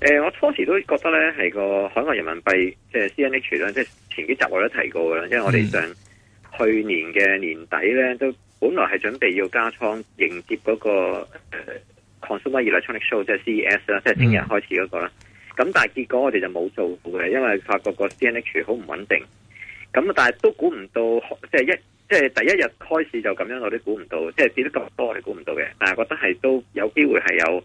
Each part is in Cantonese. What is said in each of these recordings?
誒、呃，我初時都覺得咧係個海外人民幣即係 C N H 咧，即係前幾集我都提過啦，因為我哋上去年嘅年底咧都本來係準備要加倉迎接嗰個誒 Consumer Electronics Show，即係 C E S 啦，即係聽日開始嗰、那個啦。咁、嗯、但係結果我哋就冇做嘅，因為發覺個 C N H 好唔穩定。咁但係都估唔到，即係一即係第一日開始就咁樣，我都估唔到，即係跌得咁多，我哋估唔到嘅。但係覺得係都有機會係有。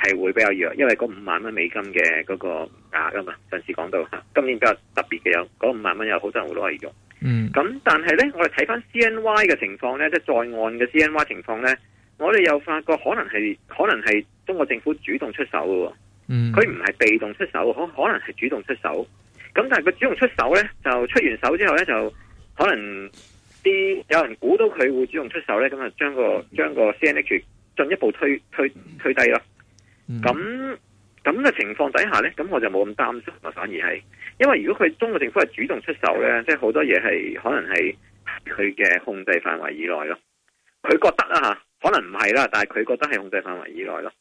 係會比較弱，因為嗰五萬蚊美金嘅嗰、那個額啊嘛，上次講到吓，今年比較特別嘅有嗰五萬蚊，有好多人我攞嚟用。嗯，咁但係呢，我哋睇翻 CNY 嘅情況呢，即、就、係、是、在岸嘅 CNY 情況呢，我哋又發覺可能係可能係中國政府主動出手嘅。佢唔係被動出手，可可能係主動出手。咁但係佢主動出手呢，就出完手之後呢，就可能啲有人估到佢會主動出手呢。咁啊將個將個 CNY 進一步推推推低咯。咁咁嘅情況底下呢，咁我就冇咁擔心啊，反而係，因為如果佢中國政府係主動出手呢，即係好多嘢係可能係佢嘅控制範圍以內咯。佢覺得啊吓，可能唔係啦，但係佢覺得係控制範圍以內咯。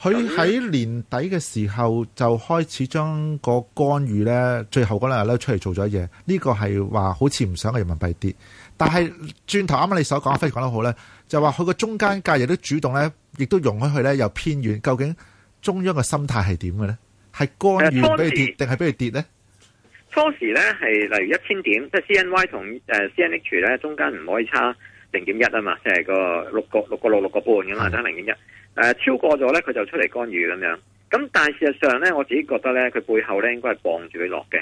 佢喺、嗯、那年底嘅時候就開始將個干預呢，最後嗰兩日呢出嚟做咗嘢。呢、這個係話好似唔想個人民幣跌，但係轉頭啱啱你所講啊，Fred 講、嗯、得好呢就話佢個中間價亦都主動咧，亦都容許佢咧又偏遠。究竟中央嘅心態係點嘅咧？係干預俾佢跌，定係俾佢跌咧？初時咧係例如一千點，即係 CNY 同誒 CNH 咧中間唔可以差零點一啊嘛，即係個六個六個六六個半咁嘛，差零點一誒超過咗咧佢就出嚟干預咁樣。咁但係事實上咧，我自己覺得咧佢背後咧應該係綁住佢落嘅，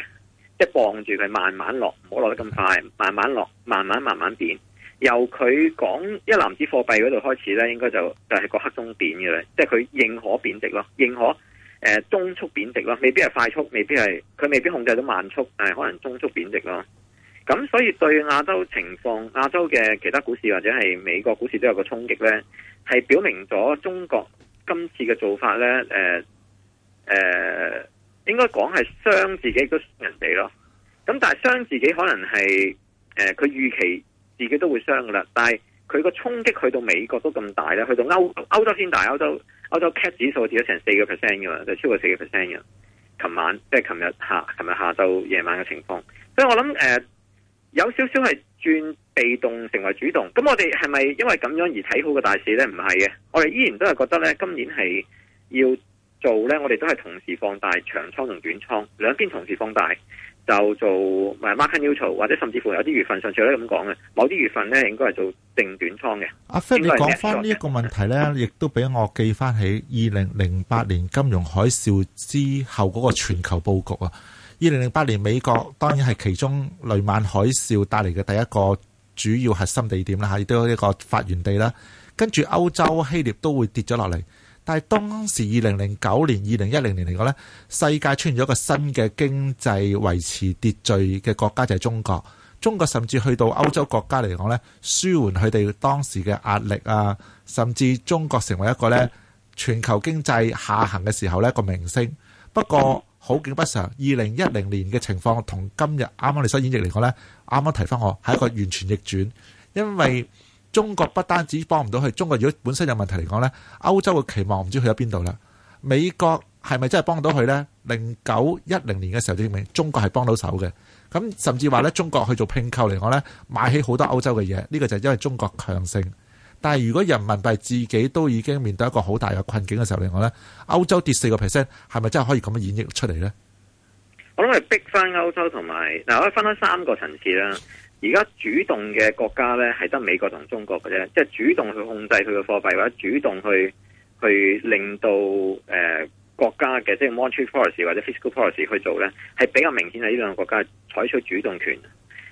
即係綁住佢慢慢落，唔好落得咁快，的慢慢落，慢慢慢慢變。由佢講一籃子貨幣嗰度開始呢，應該就就係、是、個黑中貶嘅啦，即係佢認可貶值咯，認可誒、呃、中速貶值咯，未必係快速，未必係佢未必控制到慢速，但係可能中速貶值咯。咁所以對亞洲情況、亞洲嘅其他股市或者係美國股市都有一個衝擊呢，係表明咗中國今次嘅做法呢。誒、呃、誒、呃，應該講係傷自己個人哋咯。咁但係傷自己可能係佢預期。自己都會傷噶啦，但係佢個衝擊去到美國都咁大喇，去到歐歐洲先大，歐洲歐洲 CAC 指數跌咗成四個 percent 噶啦，就超過四個 percent 嘅。琴晚即係琴日下，琴日下晝夜晚嘅情況，所以我諗誒、呃、有少少係轉被動成為主動。咁我哋係咪因為咁樣而睇好個大市咧？唔係嘅，我哋依然都係覺得咧，今年係要做咧，我哋都係同時放大長倉同短倉兩邊同時放大。就做唔係 market neutral，或者甚至乎有啲月份上仲都咁講嘅，某啲月份呢應該係做定短倉嘅。阿 Fred 你講翻呢一個問題呢，亦、嗯、都俾我記翻起二零零八年金融海嘯之後嗰個全球佈局啊。二零零八年美國當然係其中雷曼海嘯帶嚟嘅第一個主要核心地點啦，亦都一個發源地啦。跟住歐洲希臘都會跌咗落嚟。但係當時二零零九年、二零一零年嚟講呢，世界出現咗一個新嘅經濟維持秩序嘅國家，就係中國。中國甚至去到歐洲國家嚟講呢，舒緩佢哋當時嘅壓力啊，甚至中國成為一個呢全球經濟下行嘅時候呢個明星。不過好景不常，二零一零年嘅情況同今日啱啱你所演繹嚟講呢，啱啱提翻我係一個完全逆轉，因為。中國不單止幫唔到佢，中國如果本身有問題嚟講呢，歐洲嘅期望唔知去咗邊度啦。美國係咪真係幫到佢呢？零九一零年嘅時候證明中國係幫到手嘅。咁甚至話呢，中國去做拼購嚟講呢，買起好多歐洲嘅嘢。呢個就係因為中國強盛。但係如果人民幣自己都已經面對一個好大嘅困境嘅時候嚟講呢，歐洲跌四個 percent 係咪真係可以咁樣演繹出嚟呢？我諗係逼翻歐洲同埋嗱，我可以分開三個層次啦。而家主動嘅國家咧，係得美國同中國嘅啫，即係主動去控制佢嘅貨幣，或者主動去去令到誒、呃、國家嘅即係 monetary policy 或者 fiscal policy 去做咧，係比較明顯喺呢兩個國家採取主動權。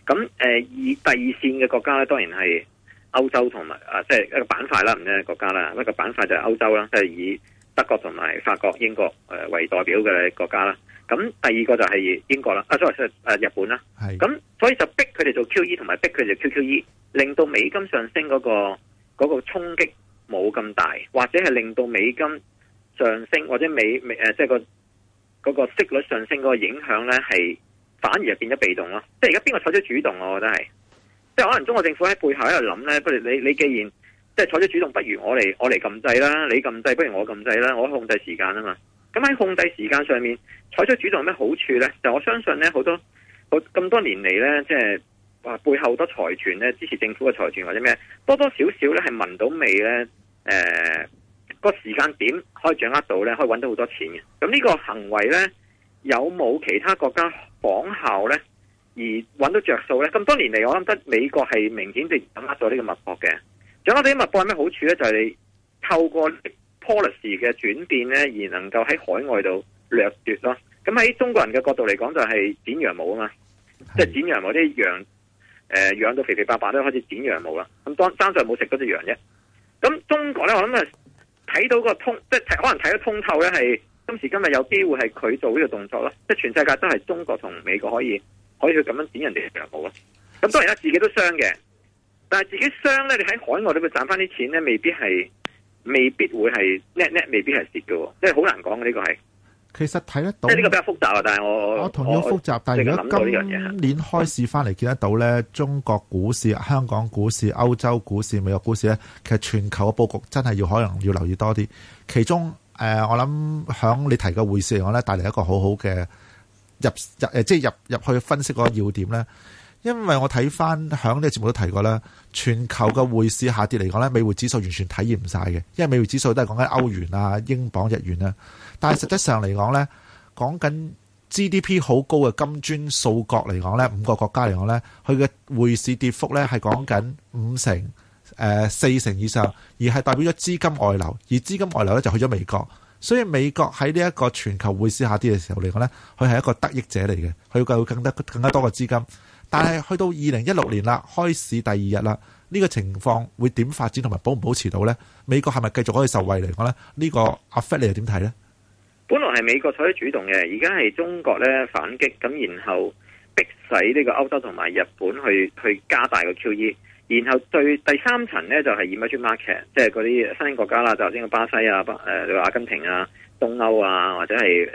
咁誒、呃，以第二線嘅國家咧，當然係歐洲同埋啊，即、就、係、是、一個板塊啦，唔係一個國家啦，一個板塊就係歐洲啦，即係以德國同埋法國、英國誒、呃、為代表嘅國家啦。咁第二個就係英國啦，啊，sorry，誒，日本啦，係咁，所以就逼佢哋做 QE 同埋逼佢哋做 QQE，令到美金上升嗰個嗰個衝擊冇咁大，或者係令到美金上升或者美美誒，即係個嗰個息率上升嗰個影響咧，係反而係變咗被動咯。即係而家邊個採取主動，我覺得係，即係可能中國政府喺背後喺度諗咧，不如你你既然即係採取主動，不如我嚟我嚟撳制啦，你撳制，不如我撳制啦，我控制時間啊嘛。咁喺控制時間上面採取主動有咩好處呢？就我相信呢，好多好咁多年嚟呢，即係話背後多財權呢，支持政府嘅財權或者咩，多多少少呢，係聞到味呢，誒、呃那個時間點可以掌握到呢？可以揾到好多錢嘅。咁呢個行為呢，有冇其他國家仿效呢？而揾到著數呢？咁多年嚟，我諗得美國係明顯地掌握咗呢個脈搏嘅。掌握咗啲脈搏有咩好處呢？就係、你、透過 policy 嘅轉變咧，而能夠喺海外度掠奪咯。咁喺中國人嘅角度嚟講，就係剪羊毛啊嘛，即係剪羊毛，啲羊，誒、呃、養到肥肥白白都開始剪羊毛啦。咁當生在冇食嗰隻羊啫。咁中國咧，我諗啊，睇到個通，即係可能睇得通透咧，係今時今日有機會係佢做呢個動作咯。即係全世界都係中國同美國可以可以去咁樣剪人哋嘅羊毛咯。咁當然啦，自己都傷嘅，但係自己傷咧，你喺海外都會賺翻啲錢咧，未必係。未必會係，未必係跌嘅，即係好難講嘅呢個係。其實睇得到，即係呢個比較複雜嘅，但係我我同意複雜。但係如果今今年開市翻嚟見得到咧，嗯、中國股市、香港股市、歐洲股市、美國股市咧，其實全球嘅布局真係要可能要留意多啲。其中誒、呃，我諗響你提嘅匯市嚟講咧，帶嚟一個很好好嘅入入誒，即係入入去分析嗰個要點咧。因為我睇翻響呢個節目都提過啦，全球嘅匯市下跌嚟講呢，美匯指數完全體驗唔晒嘅，因為美匯指數都係講緊歐元啊、英鎊、日元啊。但係實質上嚟講呢，講緊 GDP 好高嘅金磚數國嚟講呢五個國家嚟講呢佢嘅匯市跌幅呢係講緊五成、呃、四成以上，而係代表咗資金外流，而資金外流呢，就去咗美國，所以美國喺呢一個全球匯市下跌嘅時候嚟講呢佢係一個得益者嚟嘅，佢嘅會更加更加多嘅資金。但係去到二零一六年啦， 開始第二日啦，呢、這個情況會點發展同埋保唔保持到呢？美國係咪繼續可以受惠嚟講呢？呢、這個阿 Fred 你又點睇呢？本來係美國採取主動嘅，而家係中國咧反擊，咁然後逼使呢個歐洲同埋日本去去加大個 QE，然後對第三層呢，就係 emerging market，即係嗰啲新興國家啦，就頭先個巴西啊、巴誒、阿根廷啊、東歐啊，或者係誒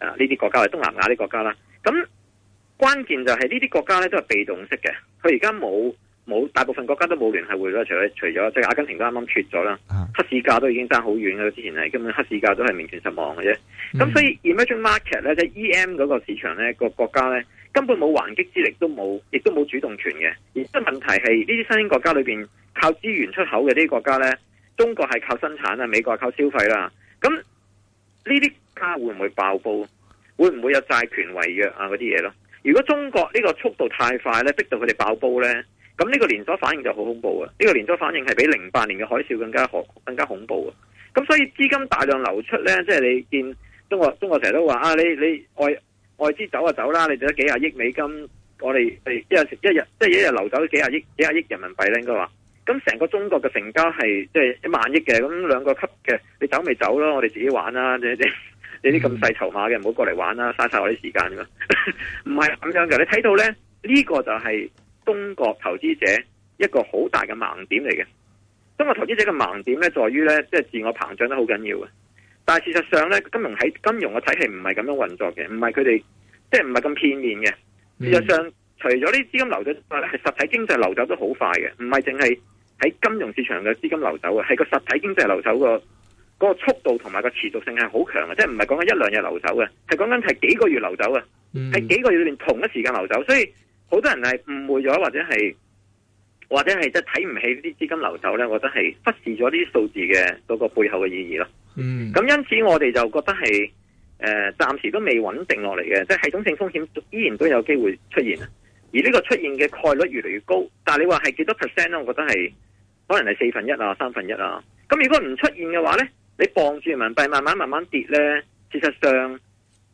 誒呢啲國家，係東南亞啲國家啦，咁。關鍵就係呢啲國家咧都係被動式嘅，佢而家冇冇大部分國家都冇聯繫會啦，除咗除咗即係阿根廷都啱啱脫咗啦，啊、黑市價都已經爭好遠啦，之前係根本黑市價都係名存實亡嘅啫。咁、嗯、所以 emerging market 咧即 em 嗰個市場咧個國家咧根本冇還擊之力，都冇亦都冇主動權嘅。而即係問題係呢啲新興國家裏邊靠資源出口嘅呢啲國家咧，中國係靠生產啦，美國係靠消費啦。咁呢啲國家會唔會爆煲？會唔會有債權違約啊嗰啲嘢咯？那些東西。如果中國呢個速度太快呢，逼到佢哋爆煲呢，咁呢個連鎖反應就好恐怖啊！呢、呢個連鎖反應係比零八年嘅海嘯更加可更加恐怖啊！咁所以資金大量流出呢，即係、就是、你見中國中國成日都話啊，你你外外資走啊走啦，你得幾廿億美金，我哋一日一日即係、就是、一日流走幾廿億幾廿億人民幣呢應該話，咁成個中國嘅成交係即係、就是、一萬億嘅，咁兩個級嘅，你走咪走啦，我哋自己玩啦，你啲咁細籌碼嘅唔好過嚟玩啦，嘥晒我啲時間噶，唔係咁樣嘅。你睇到呢，呢個就係中國投資者一個好大嘅盲點嚟嘅。中國投資者嘅盲點呢，在於呢，即係自我膨脹得好緊要嘅。但係事實上呢，金融喺金融嘅體系唔係咁樣運作嘅，唔係佢哋即係唔係咁片面嘅。嗯、事實上，除咗啲資金流走之外咧，係實體經濟流走都好快嘅，唔係淨係喺金融市場嘅資金流走啊，係個實體經濟流走個。個速度同埋個持續性係好強嘅，即係唔係講緊一兩日流走嘅，係講緊係幾個月流走嘅，係、嗯、幾個月裏面同一時間流走，所以好多人係誤會咗，或者係或者係即係睇唔起呢啲資金流走咧，我覺得係忽視咗呢啲數字嘅嗰個背後嘅意義咯。咁、嗯、因此我哋就覺得係誒暫時都未穩定落嚟，嘅，即、就、係、是、系統性風險依然都有機會出現，而呢個出現嘅概率越嚟越高。但係你話係幾多 percent 咧？我覺得係可能係四分一啊，三分一啊。咁如果唔出現嘅話咧？你傍住人民幣慢慢慢慢跌呢，事實上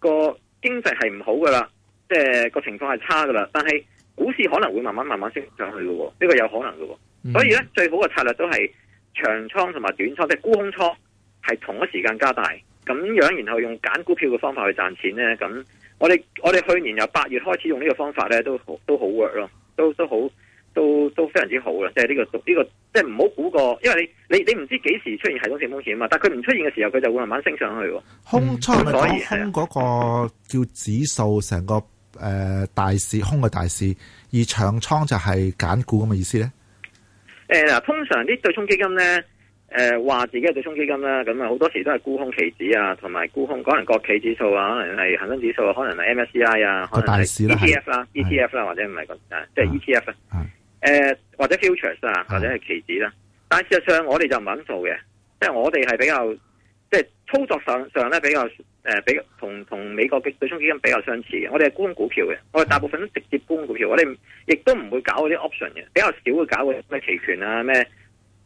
個經濟係唔好噶啦，即係個情況係差噶啦。但係股市可能會慢慢慢慢升上去喎，呢、呢個有可能喎。所以呢，最好嘅策略都係長倉同埋短倉，嗯、即係沽空倉係同一時間加大咁樣，然後用揀股票嘅方法去賺錢呢。咁我哋我哋去年由八月開始用呢個方法呢，都都好 work 咯，都都好。都都都非常之好啦，即係呢、這個呢、這個，即係唔好估過，因為你你你唔知幾時出現系統性風險啊嘛，但係佢唔出現嘅時候，佢就會慢慢升上去。空倉咪以空嗰以個叫指數成個誒、呃、大市，空嘅大市，而長倉就係揀股咁嘅意思咧。誒，嗱，通常啲對沖基金咧，誒、呃、話自己係對沖基金啦，咁啊好多時都係沽空期指啊，同埋沽空可能國企指數啊，可能係恒生指數啊，可能係 MSCI 啊，可能係 ETF 啦，ETF 啦或者唔係即係 ETF 啊。是誒、呃，或者 futures 啊，或者係期指啦。但事實上我哋就唔肯做嘅，即、就、係、是、我哋係比較，即、就、係、是、操作上上咧比較誒，比較同同美國嘅對沖基金比較相似嘅。我哋係沽股、股票嘅，我哋大部分都直接沽股票。我哋亦都唔會搞嗰啲 option 嘅，比較少會搞嗰啲咩期權啊咩，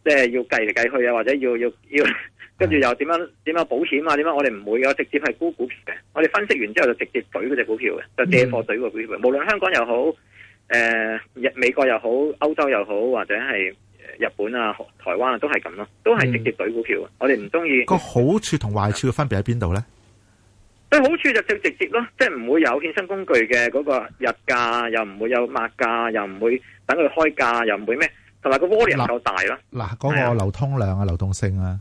即係要計嚟計去啊，或者要要要，跟住、啊、又點樣點樣保險啊？點樣我哋唔會有直接係沽股票嘅。我哋分析完之後就直接懟嗰隻股票嘅，就借貨懟個股票，嘅、嗯，無論香港又好。誒，日、呃、美國又好，歐洲又好，或者係日本啊、台灣啊，都係咁咯，都係直接懟股票嘅。嗯、我哋唔中意個好處同壞處嘅分別喺邊度咧？對，好處就最直，直接咯，即係唔會有衍生工具嘅嗰個日價，又唔會有麥價，又唔會等佢開價，又唔會咩，同埋個 volume 夠大咯。嗱，嗰、那個流通量啊，啊流動性啊，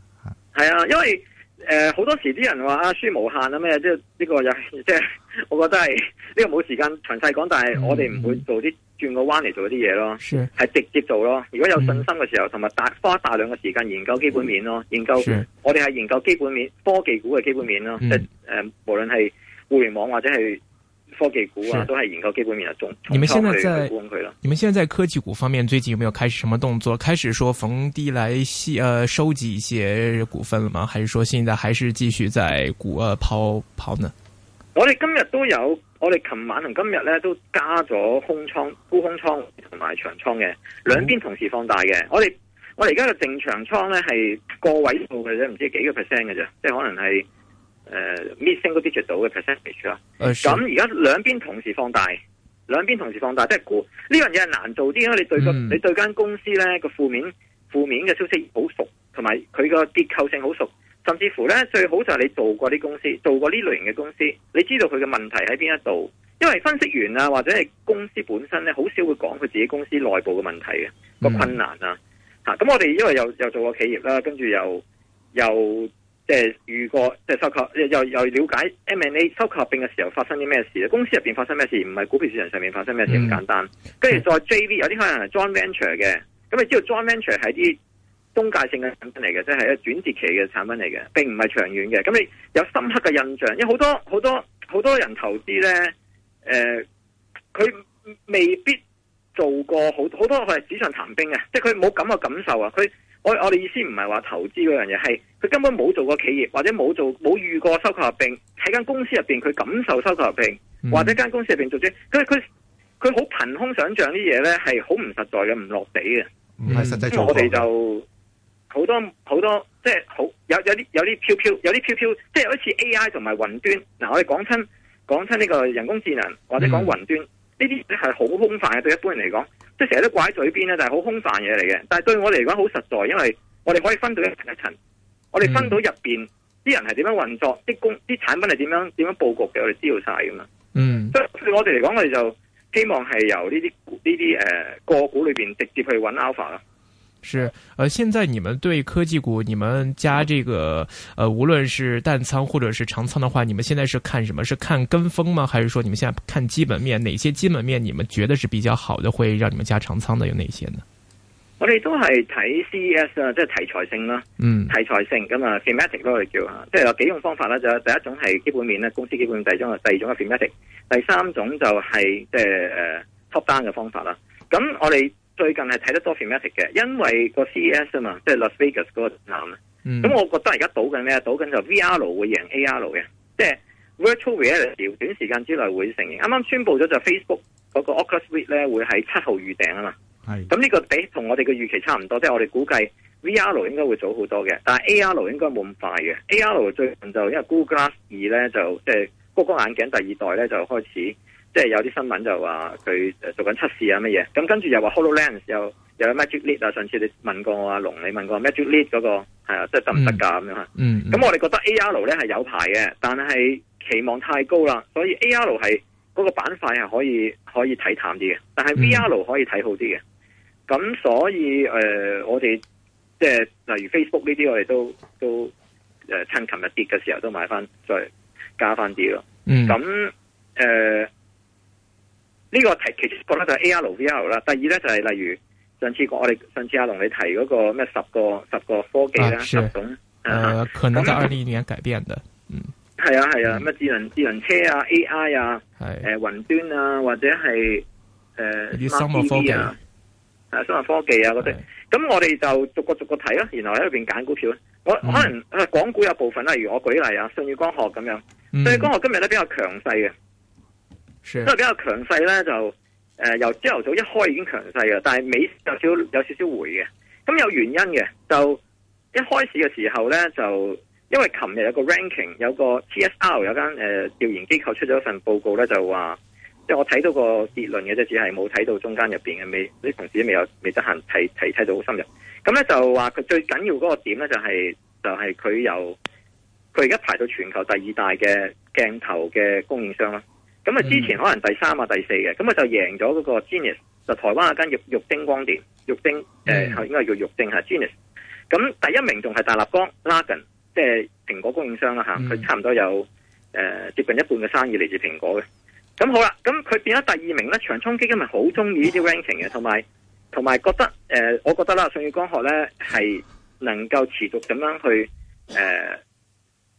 係啊，因為。誒，好、呃、多時啲人話啊，輸無限啊咩，即係呢個又係即係， 我覺得係呢個冇時間詳細講，但係我哋唔會做啲轉、嗯、個彎嚟做啲嘢咯，係是直接做咯。如果有信心嘅時候，同埋大花大量嘅時間研究基本面咯，嗯、研究是我哋係研究基本面，科技股嘅基本面咯，即係誒，無論係互聯網或者係。科技股啊，都係研究基本面啊，重，你們現在在去你們現在在科技股方面最近有沒有開始什麼動作？開始說逢低來吸，呃，收集一些股份了嗎？還是說現在還是繼續在股，呃，拋拋呢？我哋今日都有，我哋琴晚同今日咧都加咗空倉沽空倉同埋長倉嘅，兩邊同時放大嘅。哦。我哋我哋而家嘅淨長倉咧係個位數嘅啫，唔知幾個 percent 嘅啫，即係可能係。誒，missing 嗰啲 digit 嘅 percentage 啦，咁而家兩邊同時放大，兩邊同時放大，即係估呢樣嘢係難做啲，因為你對個、mm. 你對間公司咧個負面負面嘅消息好熟，同埋佢個結構性好熟，甚至乎咧最好就係你做過啲公司，做過呢類型嘅公司，你知道佢嘅問題喺邊一度，因為分析員啊或者係公司本身咧，好少會講佢自己公司內部嘅問題嘅個、mm. 困難啊，吓、啊、咁我哋因為又又做過企業啦，跟住又又。又即係遇過，即係收購又又了解 M&A 收購合併嘅時候發生啲咩事，公司入邊發生咩事，唔係股票市場上面發生咩事咁簡單。跟住，嗯、再 JV 有啲可能係 joint venture 嘅，咁你知道 joint venture 係啲中介性嘅產品嚟嘅，即、就、係、是、一轉接期嘅產品嚟嘅，並唔係長遠嘅。咁你有深刻嘅印象，因為好多好多好多人投資咧，誒、呃，佢未必做過好好多，佢係紙上談兵嘅，即係佢冇咁嘅感受啊，佢。我我哋意思唔係話投資嗰樣嘢，係佢根本冇做過企業，或者冇做冇遇過收購合併喺間公司入邊佢感受收購合併，嗯、或者間公司入邊做住，佢佢佢好憑空想象啲嘢咧，係好唔實在嘅，唔落地嘅，唔係、嗯嗯、實際做到我哋就好多好多，即係好有有啲有啲飄飄，有啲飄飄，即係好似 AI 同埋雲端嗱、啊，我哋講親講親呢個人工智能或者講雲端呢啲係好空泛嘅，對一般人嚟講。即係成日都掛喺嘴邊咧，就係好空泛嘢嚟嘅。但係對我哋嚟講好實在，因為我哋可以分到一層一層，我哋分到入邊啲人係點樣運作，啲工、啲產品係點樣點樣佈局嘅，我哋知道晒噶嘛。嗯，所以對我哋嚟講，我哋就希望係由呢啲呢啲誒個股裏邊直接去揾 alpha 啦。是，呃，現在你們對科技股，你們加這個，呃，無論是淡倉或者是長倉的話，你們現在是看什麼？是看跟風嗎？還是說你們現在看基本面？哪些基本面你們覺得是比較好的，會讓你們加長倉的有哪些呢？我哋都係睇 CES 啊，即係題材性啦，嗯，題材性。咁啊，fundamental 係叫啊，即係有幾種方法咧，就第一種係基本面咧，公司基本面；第二種係第二種第三種就係即係 top down 嘅方法啦。咁我哋。最近係睇得多 fintech 嘅，因為個 CES 啊嘛，即係 Las Vegas 嗰個展啊。咁，嗯，我覺得而家賭緊咩啊？賭緊就係 VR 會贏 AR 嘅，即係 virtual reality。短時間之內會成形。啱啱宣布咗就 Facebook 嗰個 Oculus Rift 咧會喺七號預訂啊嘛。係。咁呢個比同我哋嘅預期差唔多，即係我哋估計 VR 應該會早好多嘅，但係 AR 應該冇咁快嘅。AR 最近就因為 Google Glass 二咧就即係谷歌眼鏡第二代咧就開始。即係有啲新聞就話佢做緊測試啊乜嘢，咁跟住又話 HoloLens 又又有 Magic Leap 啊，Lead，上次你問過我阿龍，你問過 Magic Leap 嗰、那個、啊，即係得唔得㗎咁樣吓？咁、嗯嗯、我哋覺得 AR 咧係有排嘅，但係期望太高啦，所以 AR 係嗰、那個板塊係可以可以睇淡啲嘅，但係 VR 可以睇好啲嘅。咁、嗯、所以誒、呃，我哋即係例如 Facebook 呢啲，我哋都都誒趁琴日跌嘅時候都買翻再加翻啲咯。咁誒、嗯。呢個題其實講得就係 A R V R 啦，第二咧就係例如上次我哋上次阿龍你提嗰個咩十個十個科技啦，十種啊，可能在二零二一年改變的，嗯，係啊係啊，咩智能智能車啊 A I 啊，誒雲端啊或者係誒生物科技啊，誒生物科技啊嗰啲，咁我哋就逐個逐個睇咯，然後喺入邊揀股票咯，我可能誒港股有部分例如我舉例啊，信宇光學咁樣，信宇光學今日咧比較強勢嘅。都係比較強勢咧，就誒、呃、由朝頭早一開已經強勢嘅，但係尾有少有少少回嘅，咁有原因嘅。就一開始嘅時候咧，就因為琴日有個 ranking，有個 TSR 有間誒調研機構出咗一份報告咧，就話即係我睇到個結論嘅啫，只係冇睇到中間入邊嘅，未啲同事未有未得閒提提睇到好深入。咁咧就話佢最緊要嗰個點咧就係、是、就係佢由佢而家排到全球第二大嘅鏡頭嘅供應商啦。咁啊，嗯、之前可能第三啊第四嘅，咁啊就贏咗嗰個 Genius，就台灣一間玉玉晶光電，玉晶，誒、嗯呃、應該叫玉玉晶 Genius。咁 Gen 第一名仲係大立光 Largan 即係蘋果供應商啦佢、啊嗯、差唔多有誒、呃、接近一半嘅生意嚟自蘋果嘅。咁好啦，咁佢變咗第二名咧，長冲基金咪好中意呢啲 ranking 嘅，同埋同埋覺得誒、呃，我覺得啦，舜宇光學咧係能夠持續咁樣去誒。呃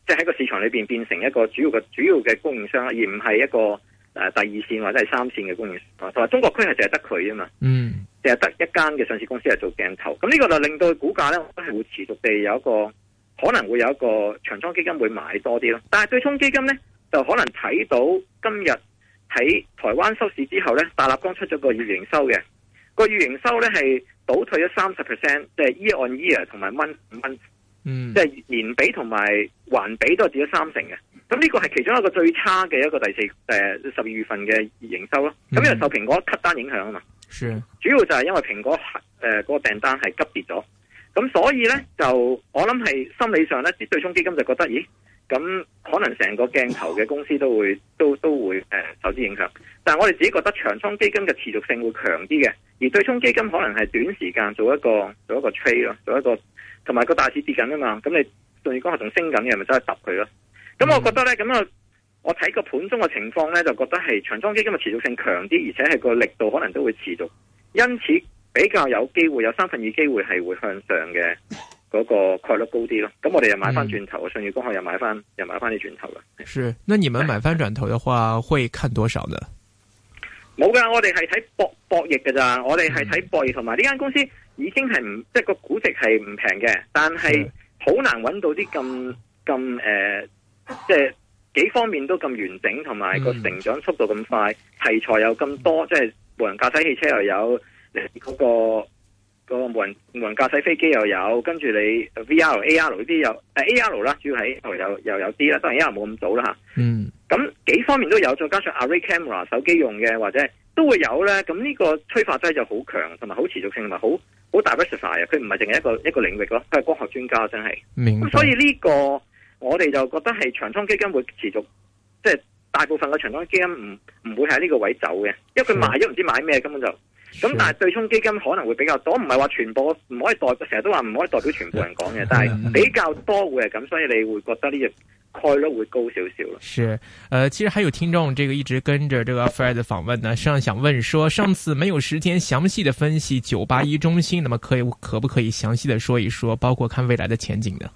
即係喺個市場裏邊變成一個主要嘅主要嘅供應商，而唔係一個誒第二線或者係三線嘅供應商。同埋中國區係淨係得佢啊嘛，淨係得一間嘅上市公司係做鏡頭。咁呢個就令到股價咧，係會持續地有一個可能會有一個長倉基金會買多啲咯。但係對沖基金咧，就可能睇到今日喺台灣收市之後咧，大立光出咗個預營收嘅，個預營收咧係倒退咗三十 percent，即係 year on year 同埋 month 即係、嗯、年比同埋環比都係跌咗三成嘅，咁呢個係其中一個最差嘅一個第四誒十二月份嘅營收咯。咁因為受蘋果 cut 單影響啊嘛，嗯、主要就係因為蘋果誒、呃嗰個訂單係急跌咗，咁所以呢，就我諗係心理上呢，啲對沖基金就覺得，咦，咁可能成個鏡頭嘅公司都會、哦、都都會誒、呃、受啲影響，但係我哋自己覺得長倉基金嘅持續性會強啲嘅，而對沖基金可能係短時間做一個做一個 trade 咯，做一個。同埋個大市跌緊啊嘛，咁你信譽光學仲升緊嘅，咪走去揼佢咯。咁我覺得咧，咁啊、嗯，我睇個盤中嘅情況咧，就覺得係長倉基金嘅持續性強啲，而且係個力度可能都會持續，因此比較有機會，有三分二機會係會向上嘅嗰個概率高啲咯。咁我哋又買翻轉頭，信譽、嗯、光學又買翻，又買翻啲轉頭啦。是，那你們買翻轉頭的話， 會看多少呢？冇噶，我哋係睇博博弈噶咋，我哋係睇博弈同埋呢間公司。已經係唔，即係個估值係唔平嘅，但係好難揾到啲咁咁誒，即係幾方面都咁完整，同埋個成長速度咁快，題材又咁多，即係無人駕駛汽車又有嗰、嗰個、嗰個無人無人駕駛飛機又有，跟住你 V R A R 呢啲又有 A R 啦，主要喺又又有啲啦，當然 A R 冇咁早啦吓。嗯，咁幾方面都有，再加上 Array Camera 手機用嘅或者都會有咧，咁呢個催化劑就好強，同埋好持續性同埋好。好大嘅 e r 佢唔係淨係一個一個領域咯，佢係光學專家，真係。明咁白所以呢、這個我哋就覺得係長倉基金會持續，即、就、係、是、大部分嘅長倉基金唔唔會喺呢個位走嘅，因為佢賣咗唔知買咩，的根本就。咁的但係對沖基金可能會比較多，唔係話全部唔可以代成日都話唔可以代表全部人講嘅，是的但係比較多會係咁，所以你會覺得呢隻。概率會高少少啦。是，呃，其實還有聽眾，這個一直跟着這個 Fred 的訪問呢，實上想問說，上次沒有時間詳細的分析九八一中心，那麼可以可不可以詳細的說一說，包括看未來的前景呢？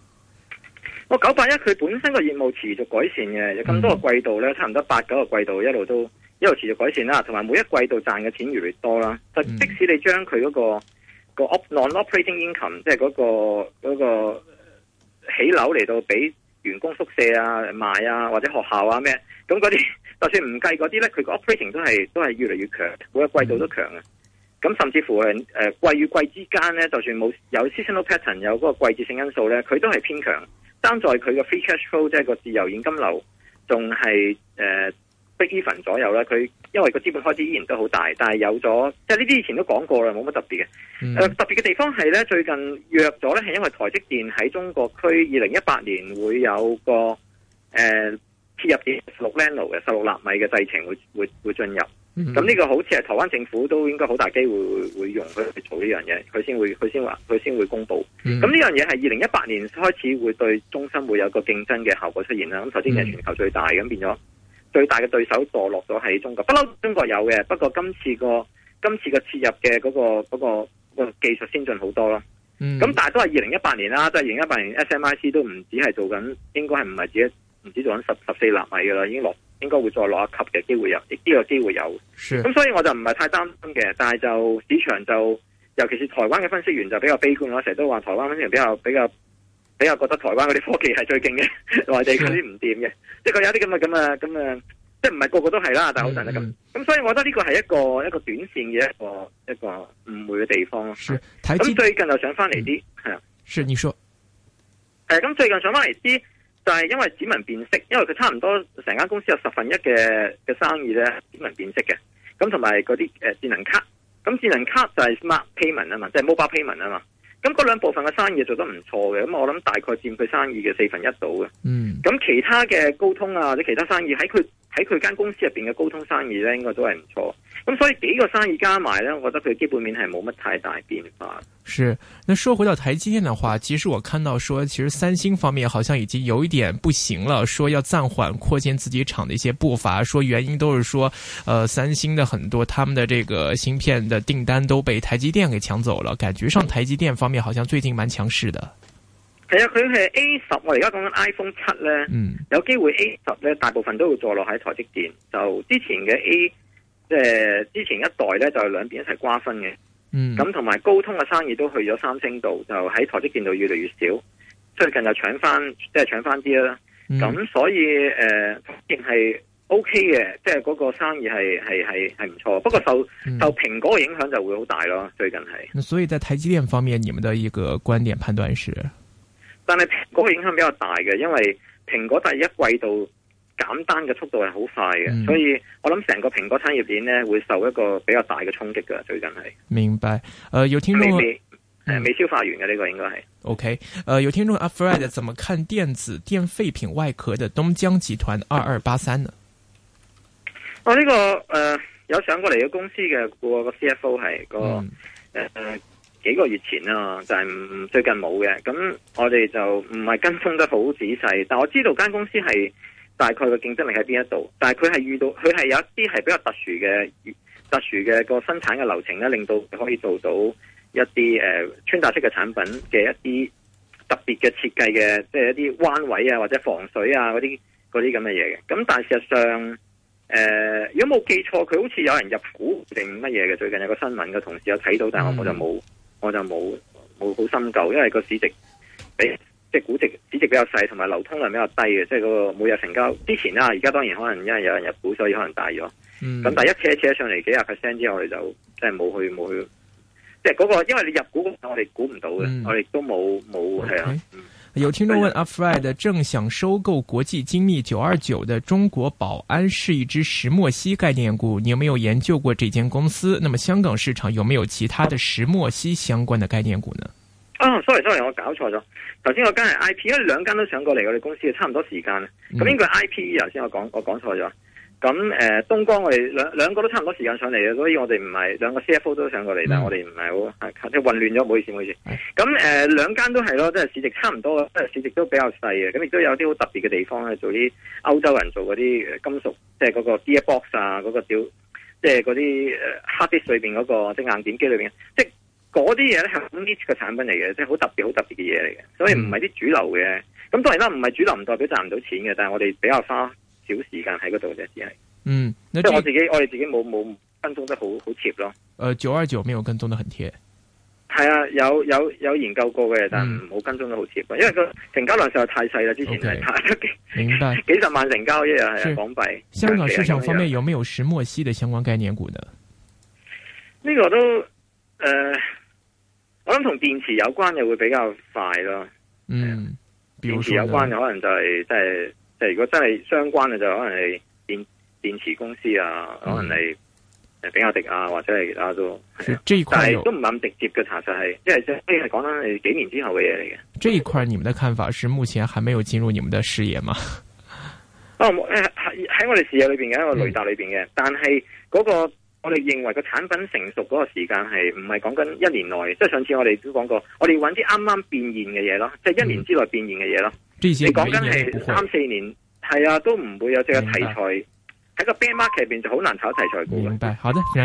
我九八一佢本身個業務持續改善嘅，有咁多，季、嗯、多 8, 個季度咧，差唔多八九個季度一路都一路持續改善啦，同埋每一季度賺嘅錢越嚟越多啦。就即使你將佢嗰、嗰個、嗯嗰個 non-operating income，即係嗰個嗰個起樓嚟到俾。員工宿舍啊、賣啊或者學校啊咩，咁嗰啲就算唔計嗰啲呢，佢個 operating 都係都係越嚟越強，每個季度都強啊。咁甚至乎係誒、呃、季與季之間呢，就算冇有，有 seasonal pattern，有嗰個季節性因素呢，佢都係偏強。單在佢個 free cash flow 即係個自由現金流，仲係誒。呃 even 左右咧，佢因為個資本開支依然都好大，但係有咗即係呢啲以前都講過啦，冇乜特別嘅。誒、嗯，特別嘅地方係咧，最近弱咗咧，係因為台積電喺中國區二零一八年會有個誒切入點十六 nm 嘅十六納米嘅製程會會會進入。咁呢、嗯、個好似係台灣政府都應該好大機會會，會用佢去做呢樣嘢，佢先會佢先話佢先會公佈。咁呢、嗯、樣嘢係二零一八年開始會對中心會有個競爭嘅效果出現啦。咁頭先係全球最大咁變咗。最大嘅對手墮落咗喺中國，不嬲中國有嘅，不過今次個今次個切入嘅嗰個嗰個技術先進好多啦。咁、嗯、但係都係二零一八年啦，即係二零一八年 SMIC 都唔止係做緊，應該係唔係只係唔止做緊十十四納米嘅啦，已經落應該會再落一級嘅機會有亦都有機會有。咁、這個、係所以我就唔係太擔心嘅，但係就市場就尤其是台灣嘅分析員就比較悲觀咯，成日都話台灣分析員比較比較。比較覺得台灣嗰啲科技係最勁嘅，內地嗰啲唔掂嘅，即係佢有啲咁嘅咁嘅，咁啊，即係唔係個個都係啦，但係好難得咁。咁、嗯嗯、所以我覺得呢個係一個一個短線嘅一個一個誤會嘅地方咯。咁最近又想翻嚟啲係啊。嗯、是，是你說，係咁最近想翻嚟啲就係、是、因為指紋辨識，因為佢差唔多成間公司有十分一嘅嘅生意咧指紋辨識嘅。咁同埋嗰啲誒智能卡，咁智能卡就係 smart payment 啊嘛，即係 mobile payment 啊嘛。咁嗰兩部分嘅生意做得唔錯嘅，咁我諗大概佔佢生意嘅四分一度嘅。嗯，咁其他嘅高通啊或者其他生意喺佢喺佢間公司入邊嘅高通生意咧，應該都係唔錯。咁所以幾個生意加埋呢，我覺得佢基本面係冇乜太大變化。是，那說回到台積電的話，其實我看到說，其實三星方面好像已經有一點不行了，說要暫緩擴建自己廠的一些步伐，說原因都是說，呃，三星的很多他們的這個芯片的訂單都被台積電給搶走了，感覺上台積電方面好像最近蠻強勢的。係啊，佢係 A 十，我而家講緊 iPhone 七呢，嗯，有機會 A 十呢，大部分都會坐落喺台積電，就之前嘅 A。即係之前一代咧，就兩邊一齊瓜分嘅。咁同埋高通嘅生意都去咗三星度，就喺台積電度越嚟越少。最近就搶翻，即、就、係、是、搶翻啲啦。咁、嗯、所以誒，仍、呃、係 OK 嘅，即係嗰個生意係係係係唔錯。不過受、嗯、受蘋果嘅影響就會好大咯。最近係。所以在台積電方面，你們的一個觀點判斷是？但係蘋果嘅影響比較大嘅，因為蘋果第一季度。簡單嘅速度係好快嘅，嗯、所以我諗成個蘋果產業鏈呢會受一個比較大嘅衝擊嘅，最近係明白。誒、呃，有聽眾未消化完嘅呢、嗯、個應該係。O K，誒，有聽眾 Fred，、啊、怎麼看電子電廢品外殼的東江集團二二八三呢？我呢、啊這個誒、呃、有上過嚟嘅公司嘅個 C F O 係、那個誒、嗯呃、幾個月前啊，就係、是、最近冇嘅。咁我哋就唔係跟蹤得好仔細，但我知道間公司係。大概嘅競爭力喺邊一度？但係佢係遇到佢係有一啲係比較特殊嘅特殊嘅個生產嘅流程咧，令到可以做到一啲誒、呃、穿戴式嘅產品嘅一啲特別嘅設計嘅，即係一啲彎位啊或者防水啊嗰啲嗰啲咁嘅嘢嘅。咁但係事實上誒、呃，如果冇記錯，佢好似有人入股定乜嘢嘅？最近有個新聞嘅，同事有睇到，嗯、但係我我就冇我就冇冇好深究，因為個市值俾。哎即係估值、市值比較細，同埋流通量比較低嘅，即係嗰個每日成交。之前啦、啊，而家當然可能因為有人入股，所以可能大咗。咁、嗯、但係一扯扯上嚟幾啊 percent 之後我，我哋就即係冇去冇去，即係、那、嗰個因為你入股我哋估唔到嘅，嗯、我哋都冇冇係啊。Okay. 嗯、有聽眾問阿 Fred 正想收購國際精密九二九嘅中國寶安是一隻石墨烯概念股，你有冇有研究過這間公司？那麼香港市場有沒有其他的石墨烯相關的概念股呢？啊、oh，sorry，sorry，我搞錯咗。頭先嗰間係 I P，因為兩間都上過嚟我哋公司嘅差唔多時間咧。咁、嗯、應該 I P 啊，頭先我講、呃、我講錯咗。咁誒東江我哋兩兩個都差唔多時間上嚟嘅，所以我哋唔係兩個 C F O 都上過嚟，但係、嗯、我哋唔係好係即混亂咗，唔好意思，唔好意思。咁誒、嗯呃、兩間都係咯，即係市值差唔多，即係市值都比較細嘅。咁亦都有啲好特別嘅地方咧，做啲歐洲人做嗰啲金屬，即係嗰個 D A box 啊，嗰、那個叫即係嗰啲黑啲碎片嗰個即硬點機裏邊，即嗰啲嘢咧係好 niche 嘅產品嚟嘅，即係好特別、好特別嘅嘢嚟嘅，所以唔係啲主流嘅。咁、嗯、當然啦，唔係主流唔代表賺唔到錢嘅，但係我哋比較花少時間喺嗰度啫，只係嗯，即係我自己，我哋自己冇冇跟蹤得好好貼咯。誒，九二九沒有跟蹤得很貼。係、呃、啊，有有有研究過嘅，但係唔好跟蹤得好貼。嗯、因為個成交量實在太細啦，之前係太 okay, 幾明白幾十萬成交一日係、啊、港幣。香港市場方面有沒有石墨烯嘅相關概念股呢？呢個都誒。呃我諗同電池有關嘅會比較快咯，嗯，比如說電池有關嘅可能就係即係即係如果真係相關嘅就可能係電電池公司啊，嗯、可能係誒比亞迪啊或者係其他都，呢係、嗯、是都唔咁直接嘅查實係，因為即係講緊係幾年之後嘅嘢嚟嘅。這一塊你們的看法是目前還沒有進入你們的視野嗎？哦，喺我哋視野裏邊嘅一個雷達裏邊嘅，嗯、但係嗰、那個。我哋認為個產品成熟嗰個時間係唔係講緊一年內？即係上次我哋都講過，我哋揾啲啱啱變現嘅嘢咯，即係一年之內變現嘅嘢咯。嗯，你講緊係三四年，係啊，都唔會有只個題材，喺個 bear market 入邊就好難炒題材股嘅。明白，好